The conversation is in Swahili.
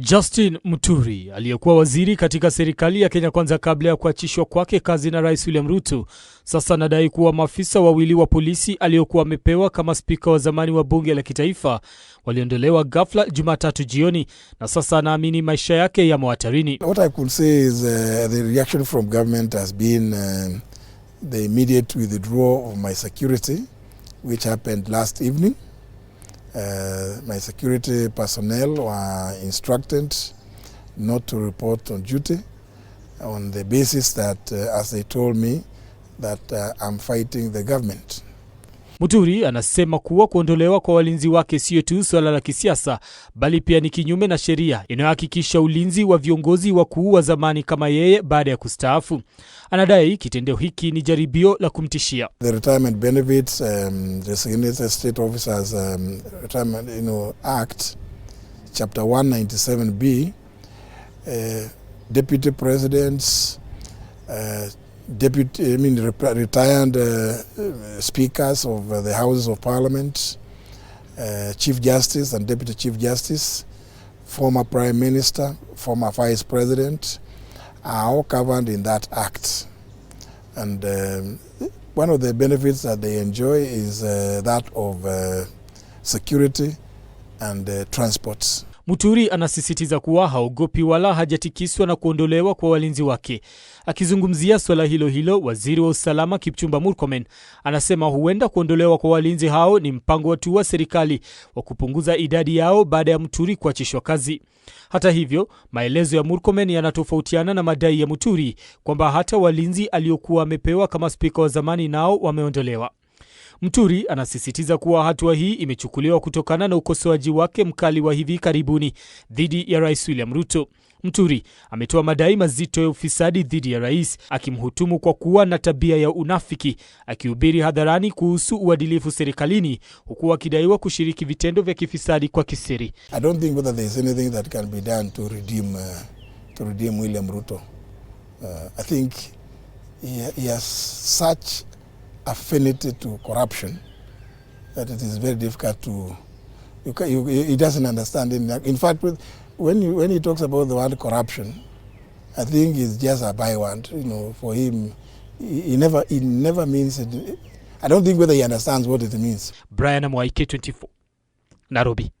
Justin Muturi aliyekuwa waziri katika serikali ya Kenya Kwanza kabla ya kuachishwa kwake kazi na Rais William Ruto, sasa anadai kuwa maafisa wawili wa polisi aliyokuwa amepewa kama spika wa zamani wa bunge la kitaifa waliondolewa ghafla Jumatatu jioni, na sasa anaamini maisha yake yamo hatarini. What I could say is uh, the reaction from government has been uh, the immediate withdrawal of my security which happened last evening Uh, my security personnel were instructed not to report on duty on the basis that uh, as they told me that uh, I'm fighting the government. Muturi anasema kuwa kuondolewa kwa walinzi wake siyo tu suala la kisiasa, bali pia ni kinyume na sheria inayohakikisha ulinzi wa viongozi wakuu wa zamani kama yeye baada ya kustaafu. Anadai kitendo hiki ni jaribio la kumtishia. The retirement benefits, um, the State Officers, um, Retirement, you know, Act, Chapter 197B, uh, Deputy Presidents, uh, deputy, I mean, retired uh, speakers of uh, the Houses of Parliament, uh, Chief Justice and Deputy Chief Justice, former Prime Minister, former Vice President, are all covered in that act. And um, one of the benefits that they enjoy is uh, that of uh, security and uh, transport. Muturi anasisitiza kuwa haogopi wala hajatikiswa na kuondolewa kwa walinzi wake. Akizungumzia swala hilo hilo, waziri wa usalama Kipchumba Murkomen anasema huenda kuondolewa kwa walinzi hao ni mpango wa tu wa serikali wa kupunguza idadi yao baada ya Muturi kuachishwa kazi. Hata hivyo, maelezo ya Murkomen yanatofautiana na madai ya Muturi kwamba hata walinzi aliokuwa amepewa kama spika wa zamani nao wameondolewa mturi anasisitiza kuwa hatua hii imechukuliwa kutokana na ukosoaji wake mkali wa hivi karibuni dhidi ya Rais William Ruto. mturi ametoa madai mazito ya ufisadi dhidi ya rais, akimhutumu kwa kuwa na tabia ya unafiki, akihubiri hadharani kuhusu uadilifu serikalini, huku akidaiwa kushiriki vitendo vya kifisadi kwa kisiri. Uh, uh, I think he, he has such affinity to corruption that it is very difficult to you, can, you, he doesn't understand it. In fact, when, you, when he talks about the word corruption, I think it's just a byword. You know, for him, he, he never he never means it. I don't think whether he understands what it means. Brian amwaike 24 Nairobi.